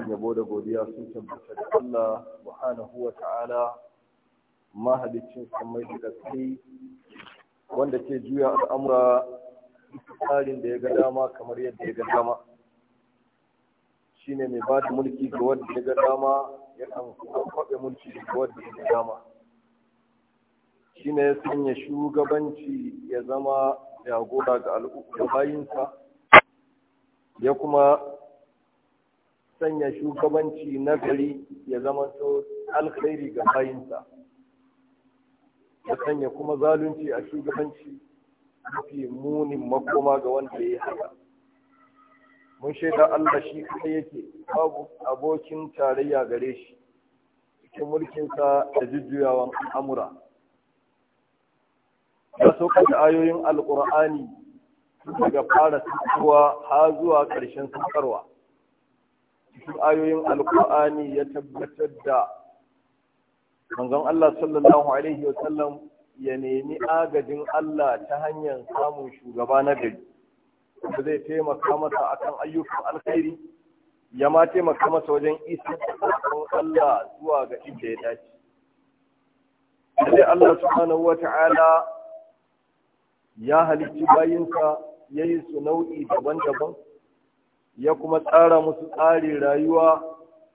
dukkan yabo da godiya sun tabbata da Allah subhanahu wa ta'ala mahalicin samai da gaske wanda ke juya al'amura tsarin da ya ga dama kamar yadda ya ga dama shine mai ba da mulki ga wanda ya ga dama ya kan kwaɓe mulki ga wanda ya ga dama shine ya sanya shugabanci ya zama jagora ga al'umma bayinsa ya kuma sanya shugabanci na gari ya zama to alkhairi ga bayinsa ya sanya kuma zalunci a shugabanci mafi munin makoma ga wanda ya haka mun shaida Allah shi kaɗai yake babu abokin tarayya gare shi cikin mulkinsa da jujjuyawan Amura. da so da ayoyin alƙur'ani daga fara tsuwa har zuwa ƙarshen sakarwa cikin ayoyin alkur'ani ya tabbatar da manzon Allah sallallahu alaihi wa sallam ya nemi agajin Allah ta hanyar samun shugaba na gari da zai taimaka masa akan ayyukan alkhairi ya ma taimaka masa wajen isa Allah zuwa ga inda ya dace. Sai Allah subhanahu wa ta'ala ya halicci bayinsa ya su nau'i daban-daban ya kuma tsara musu tsarin rayuwa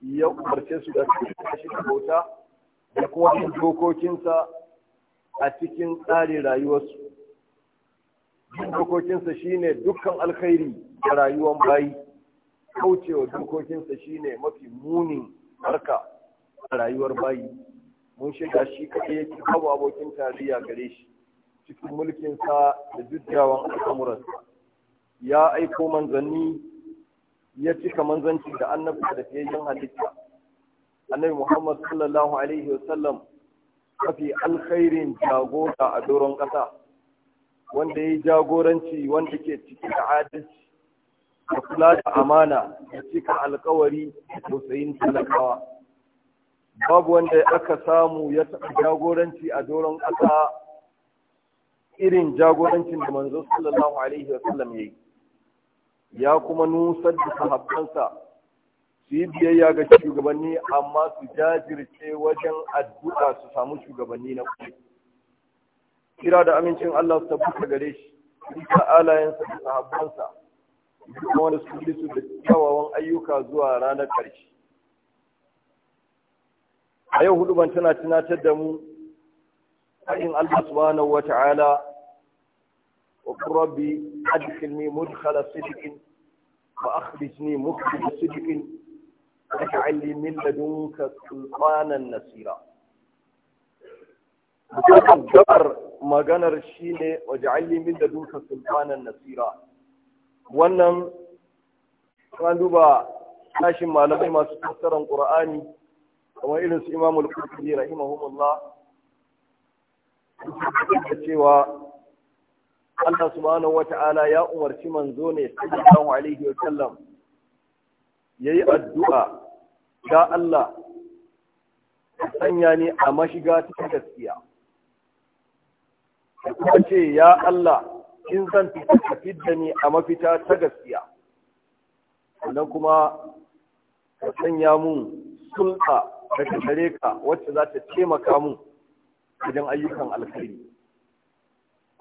ya umarce su da shi da bauta da kuma bin dokokinsa a cikin tsarin rayuwarsu bin dokokinsa shine dukkan alkhairi da rayuwar bayi kaucewa dokokinsa shine mafi munin harka a rayuwar bayi mun shiga shi kaɗai yake kawo abokin tarayya gare shi cikin mulkinsa da jujjawan al'amuransa ya aiko manzanni ya cika manzanci da annabi da fiyayyen halitta annabi muhammad sallallahu alaihi wasallam kafi alkhairin jagora a doron ƙasa wanda ya yi jagoranci wanda ke ciki da adalci da kula da amana da cika alkawari da tausayin talakawa babu wanda aka samu ya taɓa jagoranci a doron ƙasa irin jagorancin da manzo sallallahu alaihi wasallam ya yi ya kuma nusar da sahabbansa su yi biyayya ga shugabanni amma su jajirce wajen addu'a su samu shugabanni na kuma kira da amincin Allah su tabbata gare shi duka alayensa da sahabbansa kuma wanda su su da kyawawan ayyuka zuwa ranar ƙarshe a yau hudu ban tana tunatar da mu fa'in Allah subhanahu wa ta'ala وقل ربي أدخلني مدخل صدق وأخرجني مخرج صدق واجعل لي من لدنك سلطانا نصيرا Bukatar gabar maganar shi ne waje alimin da duka sultanan nasira. Wannan, an duba tashin malamai masu fassarar Ƙur'ani, kamar irin su Imam Al-Qurtubi rahimahumullah, da cewa Allah subhanahu wata'ala ya umarci manzo ne sallallahu alaihi wa sallam yayi addu'a ga Allah sanya ni a mashiga ta gaskiya kuma ce ya Allah in zan tafi da ni a mafita ta gaskiya sannan kuma ka sanya mun sulka da gare wacce za ta taimaka mun idan ayyukan alkhairi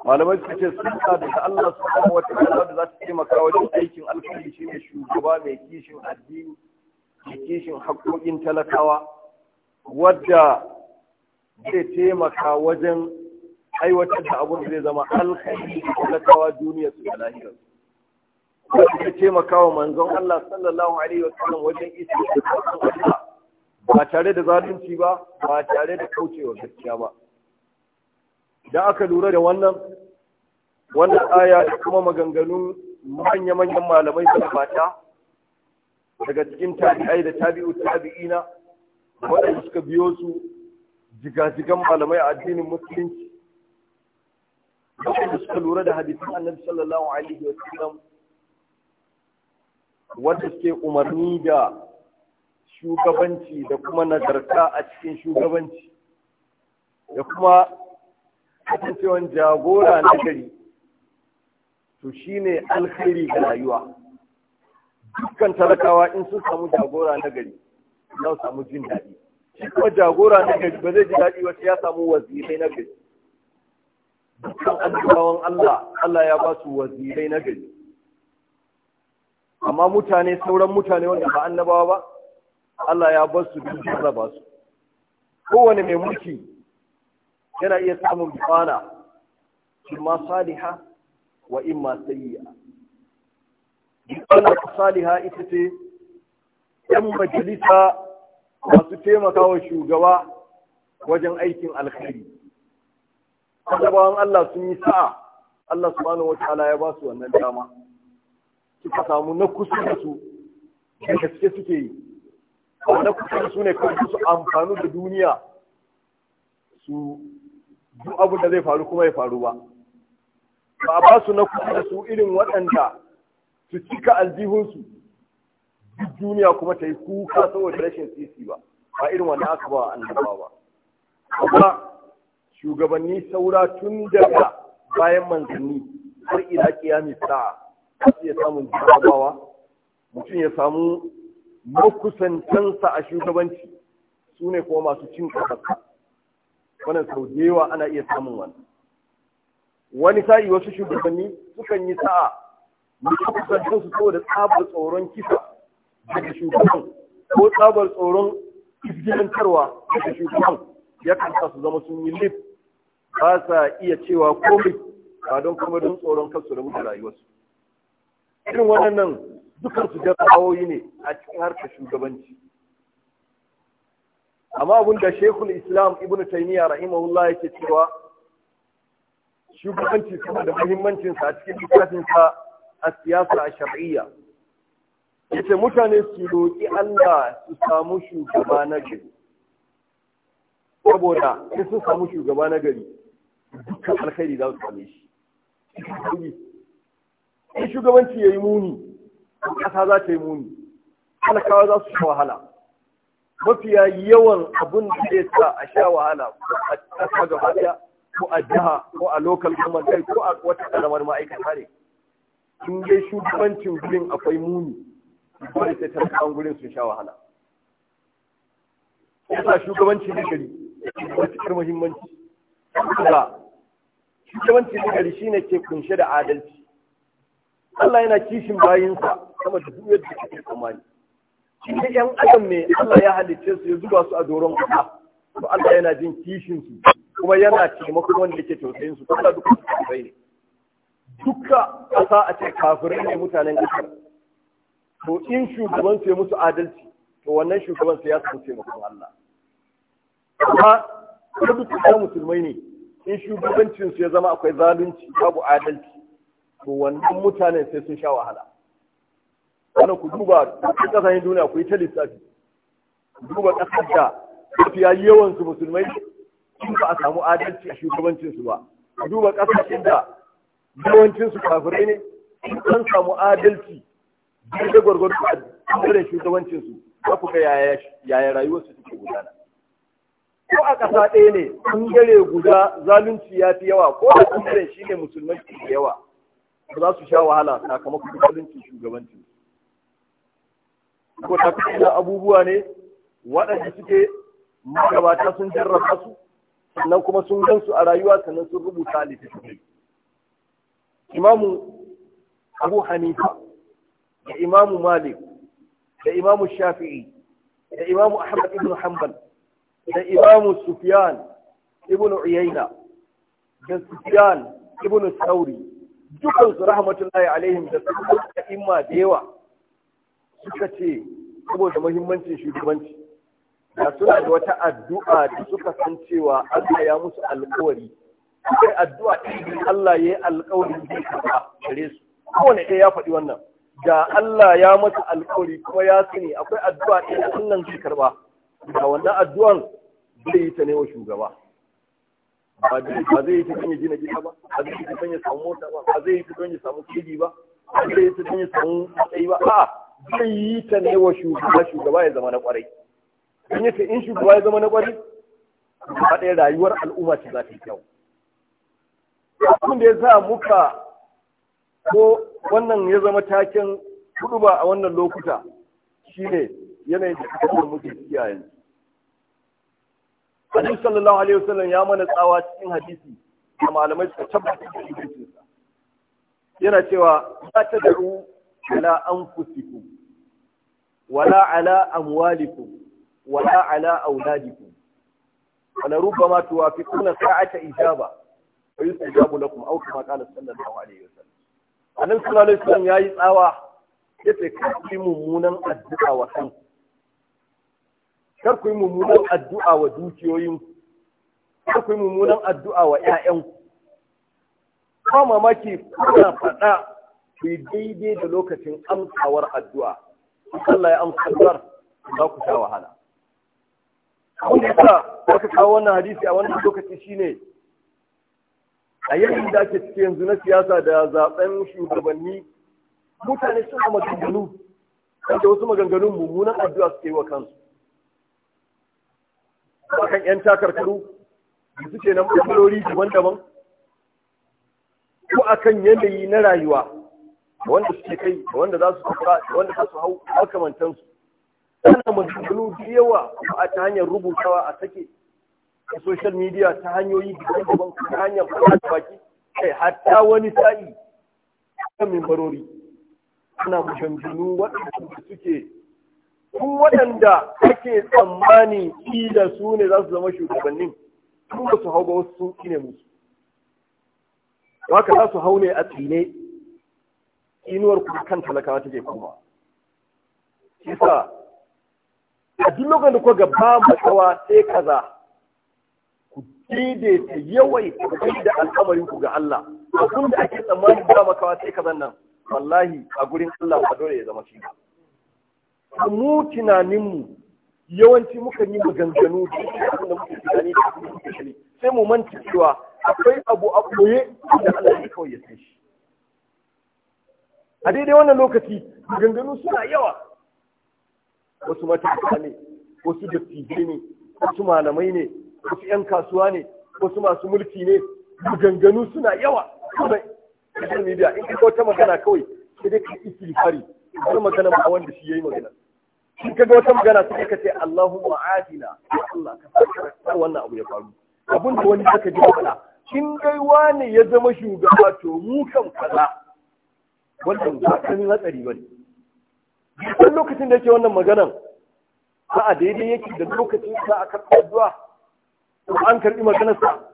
malamai su ce sunna daga Allah wata wataala da za su taimaka wajen aikin alkhairi shine shugaba mai kishin addini mai kishin haƙoƙin talakawa wadda zai taimaka wajen aiwatar da abun zai zama alkhairi da talakawa duniya su da lahira wadda zai taimaka wa manzon Allah sallallahu alaihi wa sallam, wajen isa da ba tare da zalunci ba ba tare da kaucewa gaskiya ba da aka lura da wannan wannan aya da kuma maganganun manya-manyan malamai suka fata daga cikin tabi'ai da tabi'u tabi'ina waɗanda suka biyo su jigajigan malamai a addinin musulunci waɗanda suka lura da hadisin annabi sallallahu alaihi wasallam wanda suke umarni da shugabanci da kuma nagarta a cikin shugabanci da kuma kasancewan jagora na gari to ne alkhairi ga rayuwa dukkan talakawa in sun samu jagora na gari za su samu jin daɗi shi kuma jagora na gari ba zai ji daɗi ba sai ya samu wazirai na gari dukkan annabawan Allah Allah ya ba su wazirai na gari amma mutane sauran mutane wanda ba annabawa ba Allah ya ba su duk ba su kowane mai mulki yana iya samun bana shi ma saliha wa in imma sayyi'a ana saliha ita ce yan majalisa masu taimakawa shugaba wajen aikin alkhairi Sabawan Allah sun yi sa'a Allah ya ba wannan dama suka samu na kusa da su da gaske suke yi na kusa da su ne kan su amfanu da duniya su duk abin da zai faru kuma ya faru ba ba ba su na kula da su irin waɗanda su cika aljihunsu duk duniya kuma ta yi kuka saboda rashin sisi ba ba irin wanda aka ba annaba ba kuma shugabanni saura tun daga bayan manzanni har ila kiyami sa'a su ya samu jarabawa mutum ya samu makusantansa a shugabanci su ne kuma masu cin kasa wannan sau da yawa ana iya samun wannan wani sa'i wasu shugabanni sukan yi sa'a mutum su so da tsabar tsoron kisa daga shugaban ko tsabar tsoron izgilantarwa daga shugaban ya kanta su zama sun yi lif ba sa iya cewa komai ba don kuma don tsoron kansu da mutu rayuwarsu irin waɗannan dukkan su jarabawoyi ne a cikin harkar shugabanci amma abin da shekul islam ibnu taymiya rahimahullah yake cewa shugabanci da muhimmancinsa a cikin littafinsa a siyasa a shar'iyya yace mutane su roƙi Allah su samu shugaba na gari saboda in sun samu shugaba na gari dukkan alkhairi za su same shi in shugabanci ya yi muni ƙasa za ta yi muni talakawa za su sha wahala mafiya yawan abun da ya sa a sha wahala a ƙasa gaba ɗaya ko a jiha ko a local government ko a wata karamar ma'aikata ne in dai shugabancin gurin akwai muni dole sai talakawan gurin sun sha wahala yasa shugabanci na gari matuƙar muhimmanci saboda shugabanci na gari shine ke kunshe da adalci Allah yana kishin bayinsa sama da duk yadda kake tsammani shi ne yan adam ne Allah ya halicce su ya zuba su a doron Allah? to Allah yana jin kishin su kuma yana taimakon wanda yake tausayin su kuma duka kafirai ne duka ƙasa a ce kafirai ne mutanen ƙasar to in shugaban sai musu adalci to wannan shugaban sai ya samu taimakon Allah amma kuma duka musulmai ne in shugabancin su ya zama akwai zalunci babu adalci to wannan mutanen sai sun sha wahala wannan ku duba duk ƙasashen duniya ku yi ta lissafi duba ƙasar da mafiya yawan su musulmai ba a samu adalci a shugabancinsu ba a duba ƙasashen da yawancinsu kafirai ne in an samu adalci da gwargwado a ɓangaren shugabancinsu za ku ga yaya rayuwarsu take gudana ko a ƙasa ɗaya ne ɓangare guda zalunci ya fi yawa ko a ɓangaren shi ne musulman da yawa ba za su sha wahala sakamakon zalunci shugabancin ko ta abubuwa ne waɗanda suke magabata sun jarraba su sannan kuma sun gansu a rayuwa sannan sun rubuta a littattafai imamu abu hanifa da imamu malik da imamu shafi'i da imamu ahmad ibn hanbal da imamu sufyan ibn uyayna da sufyan ibn sauri dukansu rahmatullahi alaihim da suka ta'imma da yawa suka ce saboda muhimmancin shugabanci da suna da wata addu'a da suka san cewa Allah ya musu alƙawari sai addu'a ɗin Allah ya yi alƙawarin zai karɓa gare su kowane ɗaya ya faɗi wannan da Allah ya masa alƙawari kuma ya sani akwai addu'a ɗaya da Allah zai karɓa da wannan addu'an zai yi ta ne wa shugaba ba zai yi ta sanya gina gida ba ba zai yi ta sanya samu mota ba ba zai yi ta sanya samu kiri ba ba zai yi ta sanya samu matsayi ba a'a zai yi ta ne wa shugaba shugaba ya zama na kwarai. an yace in shugaba ya zama na kwari ba ɗaya rayuwar al'umma ce za ta yi kyau abin da ya sa muka ko wannan ya zama taken huduba a wannan lokuta shine yanayin da aka da muke ciki a yanzu Annabi sallallahu alaihi wasallam ya mana tsawa cikin hadisi a malamai suka tabbata da hadisi yana cewa za la da ala anfusikum wala ala amwalikum wala ala auladikum wala rubbama tuwafiquna sa'ata ijaba wa yustajabu lakum aw kama qala sallallahu alaihi wasallam annabi sallallahu alaihi wasallam yayi tsawa yace kar ku yi mummunan addu'a wa kan kar ku mummunan addu'a wa dukiyoyinku kar ku mummunan addu'a wa ƴaƴanku ba mamaki kuna faɗa ku yi daidai da lokacin amsawar addu'a Allah ya amsa addu'ar za ku sha wahala wanda aka kawo wannan hadisi a wannan lokaci shine a yayin da ake cikin yanzu na siyasa da zaben shugabanni mutane suna maganganu da wasu maganganun mummunan addu'a suke yi wa kansu kan yan takarkaru da suke nan ɓangarori daban-daban ko akan yanayi na rayuwa wanda suke kai wanda za su tafa wanda za su hau makamantansu tana maganganu da yawa a ta hanyar rubutawa a sake a social media ta hanyoyi daban-daban ta hanyar fara baki kai hatta wani sa'i kan mimbarori ana maganganu waɗanda suke kun waɗanda ake tsammani ila su ne za su zama shugabannin kuma ba su hau ba wasu sun musu ka za su hau ne a tsine inuwar kan talakawa take kuma. Isa a duk lokacin da kuka ba matsawa sai kaza ku daidaita yawai ku da al'amarin ku ga Allah abin da ake tsammanin ba makawa sai kaza nan wallahi a gurin Allah ba dole ya zama shi ba mu tunaninmu yawanci muka yi maganganu da abin da muke tunani da abin da muke sai mu manta cewa akwai abu a koye da Allah ya kawai ya san shi a daidai wannan lokaci maganganu suna yawa wasu matasa ne wasu dattijai ne wasu malamai ne wasu 'yan kasuwa ne wasu masu mulki ne maganganu suna yawa kuma social media in ka wata magana kawai sai dai ka fari. har magana ba wanda shi yayi magana in ka ga wata magana sai ka ce Allahumma adina Allah ka sa wannan abu ya faru abin da wani saka ji faɗa in dai wani ya zama shugaba to mu kan kaza wannan ba kan hatsari bane duk lokacin da yake wannan maganan ba a daidai yake da lokacin da aka karɓi addu'a ko an karɓi maganarsa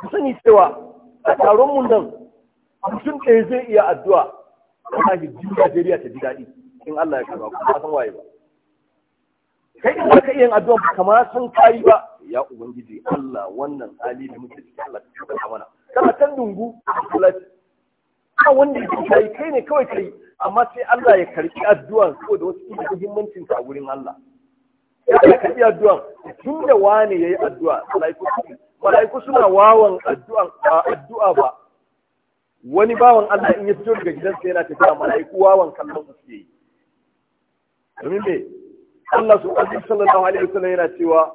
ku sani cewa a taron mun nan mutum ɗaya zai iya addu'a ana ji Najeriya ta ji daɗi in Allah ya karɓa kuma san waye ba kai in ka iya yin addu'a ba kama san kayi ba ya ubangiji Allah wannan hali da muke ciki Allah ka kama mana kana kan dungu a ba wanda ya kai kai ne kawai kai amma sai Allah ya karbi ko da wasu ilimin muhimmancin a wurin Allah ya karbi addu'a. tun da wani yayi addu'a malaiku suna wawan addu'an addu'a ba wani bawan Allah in ya fito daga gidansa yana tafiya malaiku wawan kallon su yi domin me Allah sallallahu alaihi wasallam yana cewa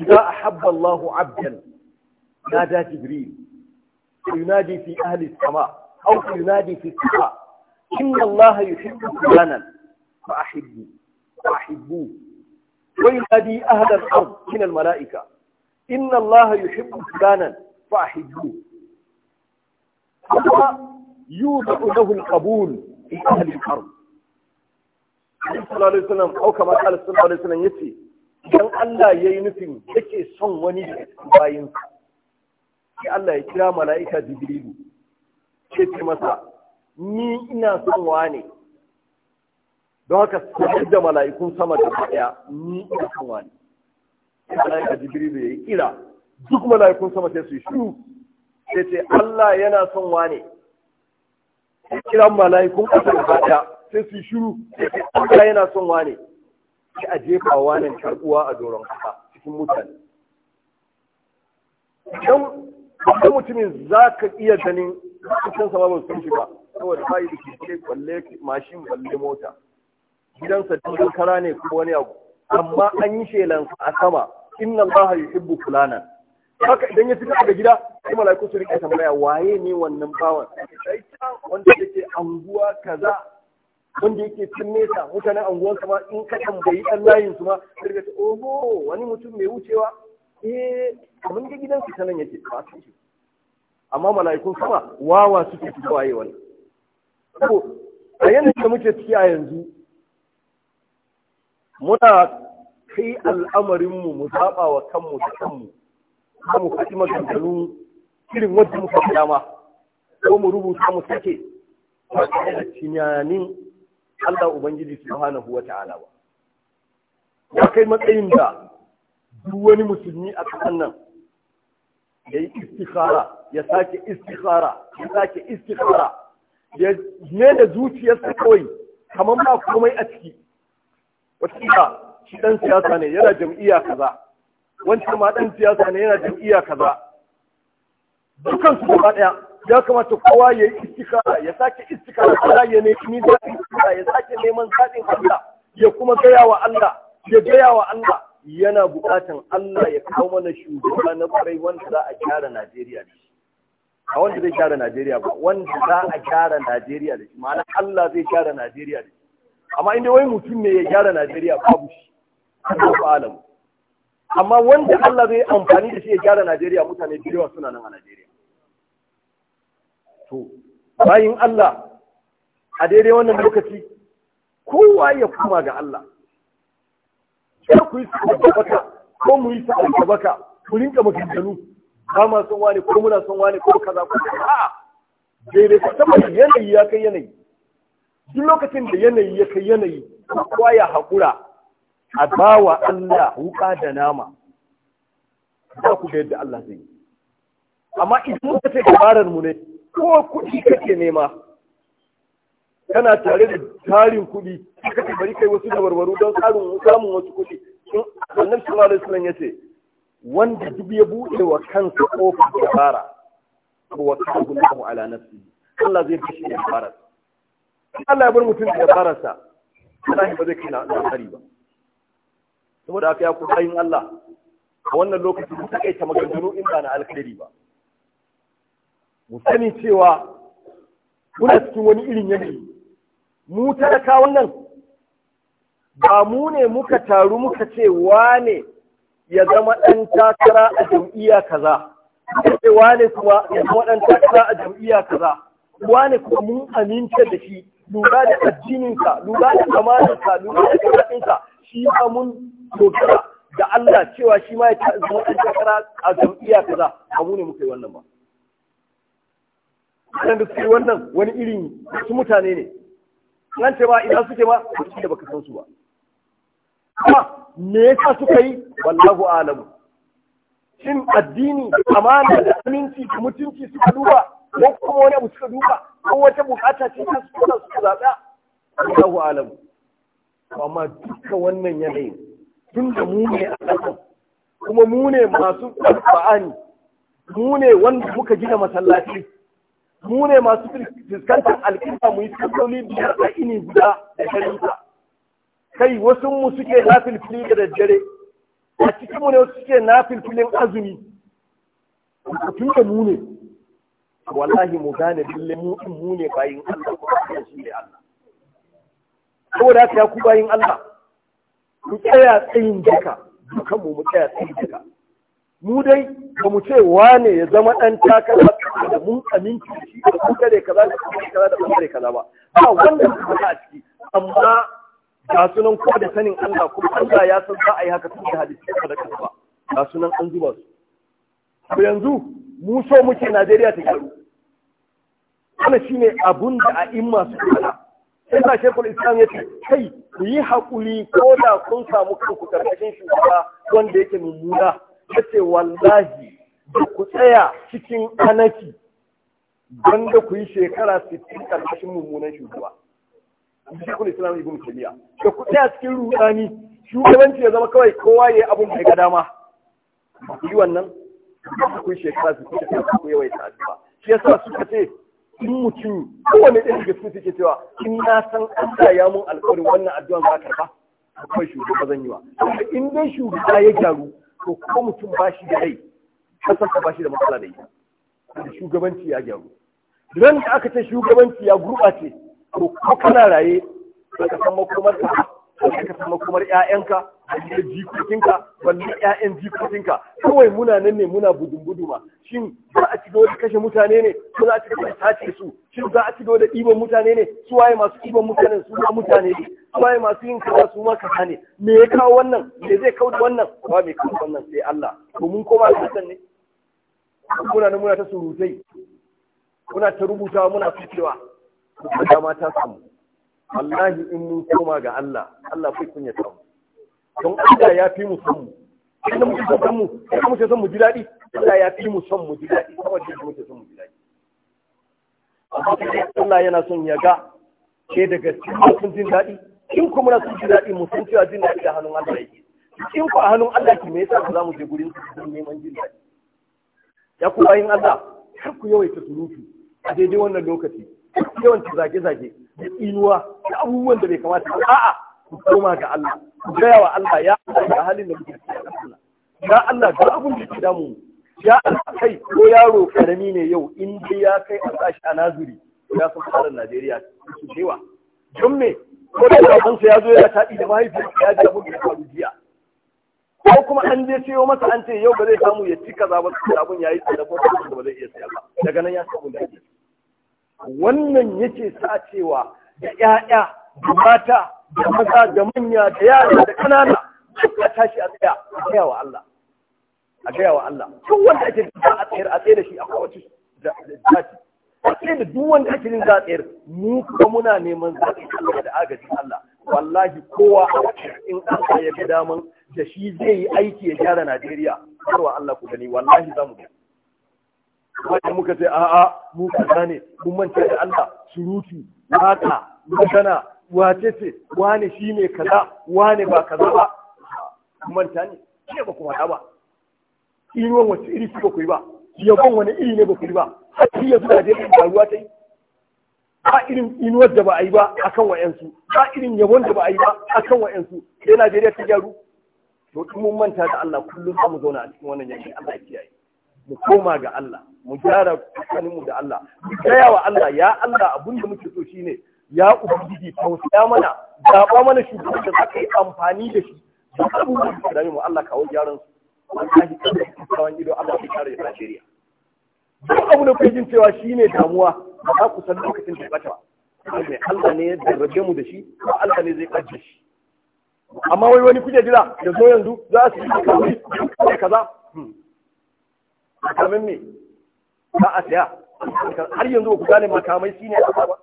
idza ahabba Allahu 'abdan nada jibril ينادي في أهل السماء أو ينادي في السماء إن الله يحب فلانا فأحبوا فأحبوه وينادي أهل الأرض من الملائكة إن الله يحب فلانا فأحبوه ثم يوضع له القبول في أهل الأرض صلى الله عليه وسلم أو كما قال صلى الله عليه وسلم يسي إذا الله ينفي يكي صنوني باينك sai Allah ya kira mala'ika Jibrilu ce ce masa ni ina son wane don haka sanar da mala'ikun sama da daya ni ina son wane sai mala'ika Jibrilu ya yi kira duk mala'ikun sama sai su yi shiru sai ce Allah yana son wane sai kira mala'ikun kasa da daya sai su yi shiru sai ce Allah yana son wane sai a jefa wanan karbuwa a doron kafa cikin mutane wani mutumin za ka iya ganin cikin ba ba su shi ba saboda bayi da keke kwalle mashin kwalle mota gidansa cikin kara ne ko wani abu amma an yi shelansa a sama inna Allah yuhibbu fulana haka idan ya fita daga gida sai malaiku su rike tambaya waye ne wannan bawan sai wanda yake anguwa kaza wanda yake cin nesa mutanen anguwansa ma in ka tambayi dan layin su ma sai ka oho wani mutum mai wucewa eh mun ga gidansu ta nan yake ba su amma mala'ikun sama wawa suke fi waye ko a yanayin da muke ciki a yanzu muna kai al'amarinmu mu zaɓa wa kanmu da kanmu ko mu faɗi maganganu irin wadda muka fi dama ko mu rubuta mu sake ba tare da tunanin Allah Ubangiji subhanahu wa ta'ala ba ya kai matsayin da duk wani musulmi a kasan nan ya yi istikhara ya sake istikhara ya sake istikhara ya ne da zuciyarsa kawai kamar ba komai a ciki wata shi dan siyasa ne yana jam'iyya kaza wancan ma dan siyasa ne yana jam'iyya kaza dukan su gaba daya ya kamata kowa ya yi istikhara ya sake istikhara kada ya nemi zaɓin ya sake neman zaɓin Allah ya kuma gaya wa Allah ya gaya wa Allah yana buƙatan Allah ya kawo mana shugaba na kwarai wanda za a gyara Najeriya da shi. A wanda zai gyara Najeriya ba, wanda za a gyara Najeriya da shi, ma'ana Allah zai gyara Najeriya da shi. Amma inda wai mutum ne ya gyara Najeriya babu shi, Allah ba alamu. Amma wanda Allah zai amfani da shi ya gyara Najeriya mutane da suna nan a Najeriya. To, bayin Allah a daidai wannan lokaci kowa ya kuma ga Allah. kar ku yi sa'ar baka ko mu yi sa'ar da baka ku rinka maganganu ba ma son wani ko muna son wani ko kaza ko a'a daidai ka yanayi ya kai yanayi duk lokacin da yanayi ya kai yanayi kowa ya haƙura a bawa Allah wuƙa da nama za ku ga yadda Allah zai yi amma idan ka ce dabarar mu ne ko kuɗi kake nema kana tare da tarin kuɗi kaka ce bari kai wasu dabarbaru don tsarin samun wasu kuɗi in annabi sallallahu alaihi ya ce, wanda duk ya buɗe wa kansa kofar dabara wa kuma ala nafsi Allah zai kashi da dabararsa Allah ya bar mutum da sa Allah ba zai kai na hari ba saboda haka ya ku bayin Allah a wannan lokacin kai ta maganganu in ba na alkhairi ba mu sani cewa muna cikin wani irin yanayi mu talakawan nan ba mu ne muka taru muka ce wane ya zama ɗan takara a jam'iyya kaza ce wane kuma ya zama ɗan takara a jam'iyya kaza wane kuma mun aminta da shi lura da addininka lura da amanarka lura da karatunka shi ma mun dogara da Allah cewa shi ma ya zama ɗan takara a jam'iyya kaza ba mu ne muka yi wannan ba. da suke wannan wani irin su mutane ne. nan ce ba idan suke ba wacce da baka san su ba amma me yasa suka yi wallahu alam shin addini amana da aminci da mutunci suka duba ko kuma wani abu suka duba ko wata bukata ce ta suka suka zaɓa wallahu To amma duka wannan yanayi tun da mu ne a ƙasa kuma mu ne masu ƙarfa'ani mu ne wanda muka gina masallaci mu ne masu fuskantar alƙinta mu yi tattalin biyar a ini guda da sharinta kai wasu mu suke nafilfili da daddare a cikin mu ne wasu suke filfilin azumi tun da mu ne wallahi mu gane bille mu in mu ne bayin Allah ko kuma shi ne Allah saboda haka ya ku bayin Allah ku tsaya tsayin duka dukan mu mu tsaya tsayin duka mu dai ba mu ce wane ya zama ɗan takara alaƙa da mun aminci shi da bangare kaza da bangare kaza da bangare kaza ba ba wanda ba a ciki amma ga sunan ko da sanin Allah kuma Allah ya san za a yi haka tun da hadisi da kasa ba ga sunan an zuba su to yanzu mu so muke Najeriya ta gyaru wannan shine abun da a in masu kana sai sa shekul islam ya ce kai ku yi haƙuri ko da kun samu kanku karkashin shugaba wanda yake mummuna ya ce wallahi da ku tsaya cikin anaki da ku yi shekara 60 karkashin mummunan shugaba shekul islam ibn taymiya da ku tsaya cikin rudani shugabanci ya zama kawai kowa ya yi abin da ga dama ku yi wannan ku yi shekara 60 ku yawaita addu'a shi yasa suka ce in mutum kowane ɗaya daga cikin suke cewa in na san an ya mun alƙawarin wannan addu'an za karba akwai shugaba zan yi wa in dai shugaba ya gyaru to ko mutum ba shi da rai kasarsa ba shi da matsala da ita da shugabanci ya gyaru ran da aka ce shugabanci ya gurɓace to ko kana raye ba ka san makomar ka ba ka san makomar ƴaƴanka san jikokinka balle ƴaƴan jikokinka kawai muna nan ne muna budun-buduma shin za a ci dole da kashe mutane ne ko za a ci gaba da sace su shin za a ci dole da ɗiban mutane ne su waye masu ɗiban mutanen su ma mutane ne su waye masu yin kaza su ma kaza ne me ya kawo wannan me zai kawo wannan ba me kawo wannan sai Allah to mun koma ga ne muna nan muna ta surutai muna ta rubuta muna fitewa dama ta samu wallahi in mun koma ga Allah Allah kai kun ya samu don Allah ya fi mu san mu idan mu san mu idan mu san mu ji dadi Allah ya fi mu san mu ji dadi kuma ji mu san mu ji dadi Allah yana son ya ga ke daga cikin jin dadi in kuma na sun ji dadi mu san cewa jin dadi da hannun Allah yake in ku a hannun Allah ki me yasa ba za mu je gurin su neman jin dadi ya ku yin Allah kar ku yawaita surutu a daidai wannan lokaci yawan ta zage-zage da inuwa da abubuwan da bai kamata ba a'a ku koma ga Allah ku gaya wa Allah ya Allah ga halin da muke ciki Allah ya Allah ga abin da ke damu ya Allah kai ko yaro karami ne yau in dai ya kai a sashi a nazuri ya san tsarin Najeriya su cewa don ko da babansa ya zo ya taɗi da mahaifiyar ya ji abin da ya faru jiya ko kuma an je ciyo masa an ce yau ba zai samu ya ci kaza ba ya abun yayi da ko da ba zai iya siya ba daga nan ya samu dadi wannan yake sa cewa da ƴaƴa da mata da maza da manya da yara da ƙanana duk a tashi a tsaya a gaya wa Allah a gaya wa Allah duk wanda ake da a tsayar a tsaye da shi a kowace zaci a tsaye da duk wanda ake yin za a tsayar mu kuma muna neman zaɓi Allah da agajin Allah wallahi kowa a in an ya ga daman da shi zai yi aiki ya gyara Najeriya karwa Allah ku gani wallahi za mu gani muka ce a'a mu kaza ne mun manta da Allah surutu waka magana wace ce wane shi ne kaza wane ba kaza ba mun manta ne ne ba kuma ba inuwan wace iri suka bakwai ba yabon wani iri ne ba ku ba har shi yanzu da jerin ta yi ba irin inuwar da ba a yi ba akan wa'yansu ba irin yabon da ba a yi ba akan wa'yansu sai Najeriya ta gyaru to in mun manta da Allah kullum za mu zauna a cikin wannan yankin Allah ya kiyaye mu koma ga Allah mu gyara mu da Allah mu gaya wa Allah ya Allah abin da muke so shine ya ubangiji tausaya mana zaɓa mana shugaban da zaka yi amfani da shi da abubuwan da mu Allah kawo gyaran su an tashi ido Allah ya kare Najeriya duk abu da kuke jin cewa shine damuwa ba ku san lokacin da ya bata ba Allah ne ya rabe mu da shi Allah ne zai kaje shi amma wai wani kuke gida da zo yanzu za su yi kamar da kaza kamar me ba a saya har yanzu ba ku gane makamai shine a ba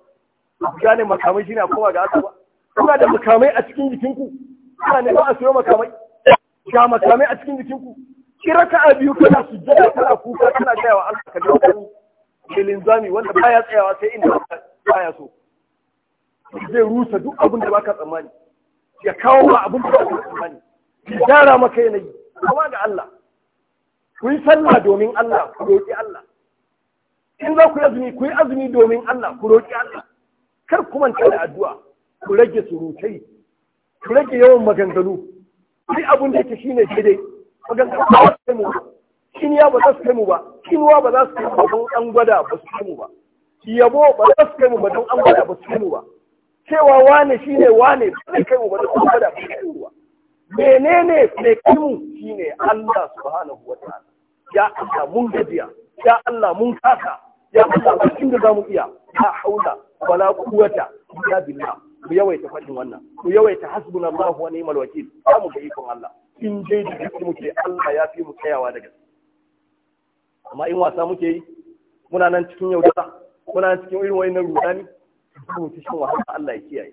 ku gane makamai shine a kowa ga aka ba kuna da makamai a cikin jikinku kuna ne ba a siyo makamai ga makamai a cikin jikinku kira ka a biyu su jada kana kuka kana gaya wa Allah ka ji wani filin zami wanda baya tsayawa sai inda baya so zai rusa duk abin da baka tsammani ya kawo ma abin da ba ne ya gyara maka yanayi kama ga Allah ku yi sallah domin Allah ku roƙi Allah in za ku yi azumi ku yi azumi domin Allah ku roƙi Allah kar ku manta da addu'a ku rage surutai ku rage yawan maganganu duk abin da yake shine daidai maganganu ba su kai mu ba kiniya ba za su kai mu ba kinuwa ba za su kai mu ba don an gwada ba su kai mu ba yabo ba za su kai mu ba don an gwada ba su kai mu ba cewa wane shi ne wane bai kai wa wani kuma da kuma ruwa menene mai kai shi ne Allah subhanahu wa ta'ala ya Allah mun gajiya ya Allah mun kasa ya Allah ba da za mu iya ya haula wala quwwata illa billah mu yawaita fadin wannan mu yawaita hasbunallahu wa ni'mal wakil za mu gai kun Allah in dai muke Allah ya fi mu tsayawa daga amma in wasa muke yi muna nan cikin yaudara muna nan cikin irin wani na rudani mu ci shan wahala Allah ya kiyaye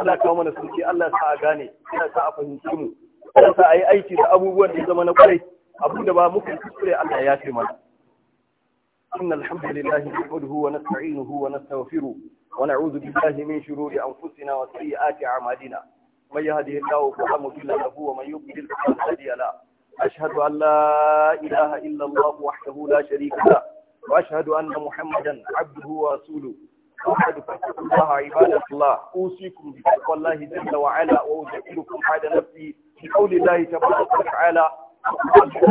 Allah kawo mana sauki Allah ya sa a gane Allah ya a fahimci mu Allah ya a yi aiki da abubuwan da zama na kwarai abin ba muka yi kuskure Allah ya yafe mana inna alhamdulillahi nahmaduhu wa nasta'inuhu wa nastaghfiru wa na'udhu billahi min shururi anfusina wa sayyiati a'malina من يهده الله فلا مضل له ومن يضلل فلا هادي له أشهد أن لا إله إلا الله وحده لا شريك له وأشهد أن محمدا عبده ورسوله أحد فاتقوا الله عباد الله أوصيكم بتقوى الله جل وعلا وأذكركم بعد نفسي بقول الله تبارك وتعالى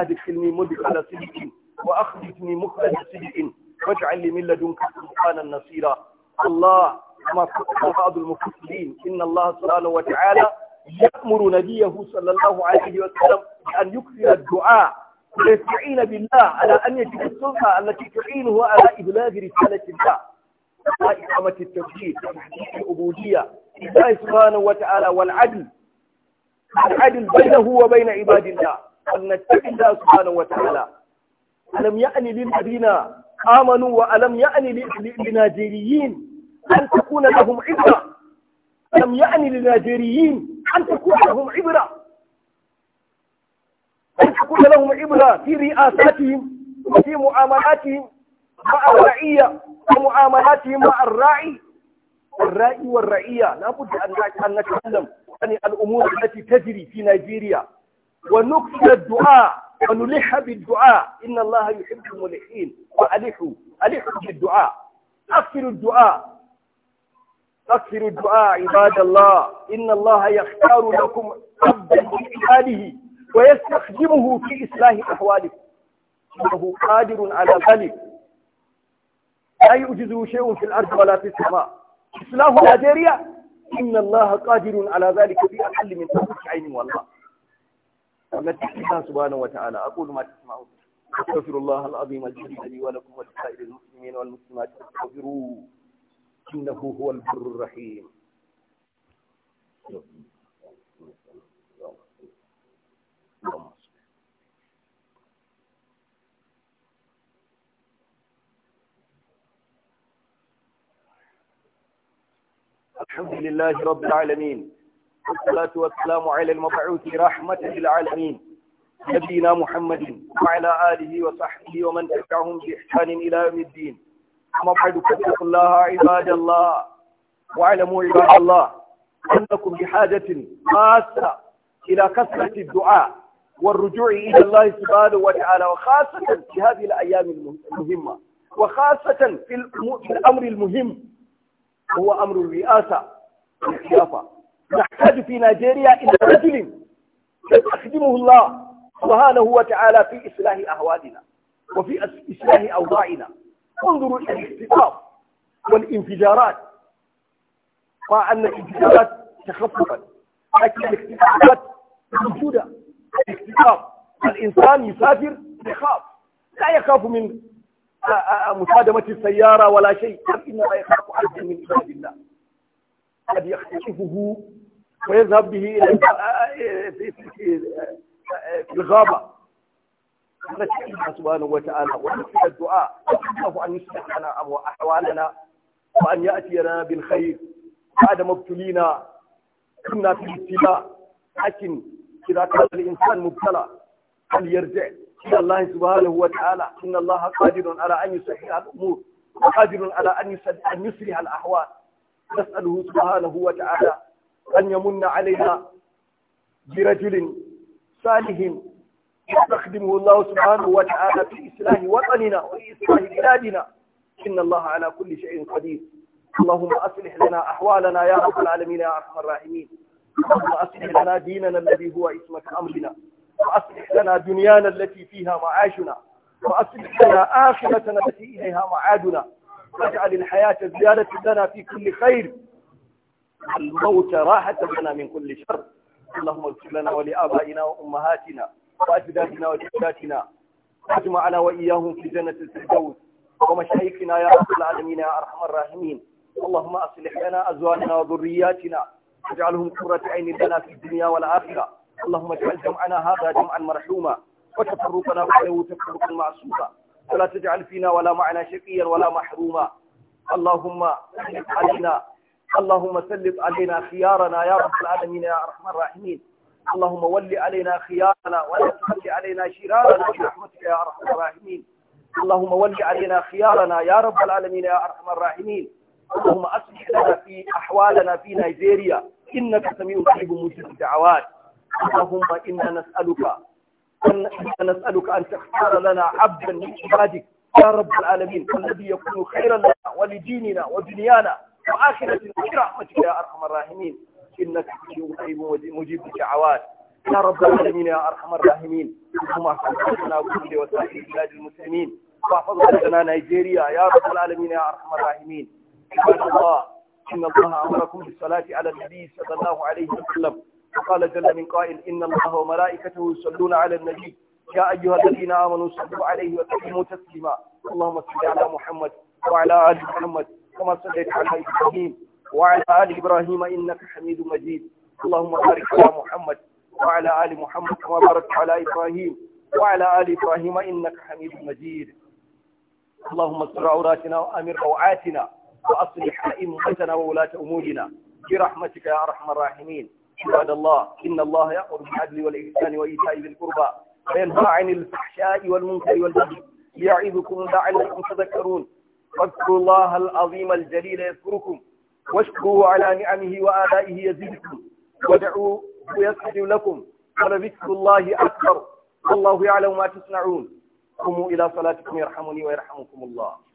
أدخلني مدخل صدق وأخرجني مخرج صدق واجعل لي من لدنك سلطانا نصيرا الله كما قال بعض المفسرين إن الله سبحانه وتعالى يأمر نبيه صلى الله عليه وسلم أن يكثر الدعاء ويستعين بالله على أن يجد السلطة التي تعينه على إبلاغ رسالة الله إقامة التوحيد وتحقيق العبودية لله سبحانه وتعالى والعدل العدل بينه وبين عباد الله أن نتقي الله سبحانه وتعالى ألم يعني للذين آمنوا وألم يعني للناجيريين أن تكون لهم عبرة ألم يعني للناجيريين أن تكون لهم عبرة أن تكون لهم عبرة في رئاساتهم وفي معاملاتهم مع الرعية ومعاملاتهم مع الراعي الرائي والرعية لا بد أن نتكلم عن الأمور التي تجري في نيجيريا ونكثر الدعاء ونلح بالدعاء إن الله يحب الملحين وألحوا ألحوا بالدعاء أكثروا الدعاء أكثروا الدعاء عباد الله إن الله يختار لكم عبدا من عباده ويستخدمه في إصلاح أحوالكم إنه قادر على ذلك لا يوجد شيء في الأرض ولا في السماء إصلاح نيجيريا إن الله قادر على ذلك في أقل من طرفة عين والله ونتقي الله سبحانه وتعالى أقول ما تسمعون أستغفر الله العظيم الجليل لي ولكم ولسائر المسلمين والمسلمات فاستغفروه إنه هو البر الرحيم اللهم الحمد لله رب العالمين والصلاة والسلام على المبعوث رحمة للعالمين نبينا محمد وعلى آله وصحبه ومن تبعهم بإحسان إلى يوم الدين أما بعد فاتقوا الله عباد الله واعلموا عباد الله أنكم بحاجة خاصة إلى كثرة الدعاء والرجوع إلى الله سبحانه وتعالى وخاصة في هذه الأيام المهمة وخاصة في الأمر المهم هو أمر الرئاسة والخلافة نحتاج في نيجيريا إلى رجل يستخدمه الله سبحانه وتعالى في إصلاح أهوالنا وفي إصلاح أوضاعنا انظروا إلى الاختطاف والانفجارات مع أن الانفجارات تخففت لكن الاختطافات موجودة الاختطاف الإنسان يسافر يخاف لا يخاف من آه، آه، مسادمة السيارة ولا شيء إنما يخاف عبد من عباد الله قد يختطفه ويذهب به إلى آه، في الغابة نسأل الله سبحانه وتعالى ونسأل الدعاء الله أن يصلح لنا أحوالنا وأن يأتينا بالخير ما ابتلينا كنا في الابتلاء لكن إذا كان الإنسان مبتلى فليرجع إلى الله سبحانه وتعالى إن الله قادر على أن يسهل الأمور وقادر على أن أن يصلح الأحوال نسأله سبحانه وتعالى أن يمن علينا برجل صالح يستخدمه الله سبحانه وتعالى في إصلاح وطننا وفي إصلاح بلادنا إن الله على كل شيء قدير اللهم أصلح لنا أحوالنا يا رب العالمين يا أرحم الراحمين اللهم أصلح لنا ديننا الذي هو اسمك أمرنا وأصلح لنا دنيانا التي فيها معاشنا وأصلح لنا آخرتنا التي إليها معادنا واجعل الحياة زيادة لنا في كل خير الموت راحة لنا من كل شر اللهم اغفر لنا ولآبائنا وأمهاتنا وأجدادنا وجداتنا واجمعنا وإياهم في جنة الفردوس ومشايخنا يا رب العالمين يا أرحم الراحمين اللهم أصلح لنا أزواجنا وذرياتنا واجعلهم قرة عين لنا في الدنيا والآخرة اللهم اجعل جمعنا هذا جمعا مرحوما وتفرقنا بعده تفرقا معصوما ولا تجعل فينا ولا معنا شقيا ولا محروما اللهم سلط علينا اللهم سلط علينا خيارنا يا رب العالمين يا ارحم الراحمين اللهم ول علينا خيارنا ولا تولي علينا شرارنا برحمتك يا ارحم الراحمين اللهم ول علينا خيارنا يا رب العالمين يا ارحم الراحمين اللهم اصلح لنا في احوالنا في نيجيريا انك سميع قريب مجيب الدعوات اللهم إنا نسألك أن نسألك أن تختار لنا عبدا من عبادك يا رب العالمين الذي يكون خيرا لنا ولديننا ودنيانا وآخرتنا برحمتك يا أرحم الراحمين إنك مجيب الدعوات يا رب العالمين يا أرحم الراحمين اللهم احفظنا كل وسائل بلاد المسلمين واحفظ لنا نيجيريا يا رب العالمين يا أرحم الراحمين عباد الله إن الله أمركم بالصلاة على النبي صلى الله عليه وسلم وقال جل من قائل إن الله وملائكته يصلون على النبي يا أيها الذين آمنوا صلوا عليه وسلموا تسليما اللهم صل على محمد وعلى آل محمد كما صليت على إبراهيم وعلى آل إبراهيم إنك حميد مجيد اللهم بارك على محمد وعلى آل محمد كما باركت على إبراهيم وعلى آل إبراهيم إنك حميد مجيد اللهم استر عوراتنا وأمر روعاتنا وأصلح أئمتنا وولاة أمورنا برحمتك يا أرحم الراحمين عباد الله إن الله يأمر بالعدل والإحسان وإيتاء ذي القربى وينهى عن الفحشاء والمنكر والبغي ليعظكم لعلكم تذكرون فاذكروا الله العظيم الجليل يذكركم واشكروه على نعمه وآلائه يزدكم ودعوه يسجد لكم ولذكر الله أكبر والله يعلم ما تصنعون قوموا إلى صلاتكم يرحمني ويرحمكم الله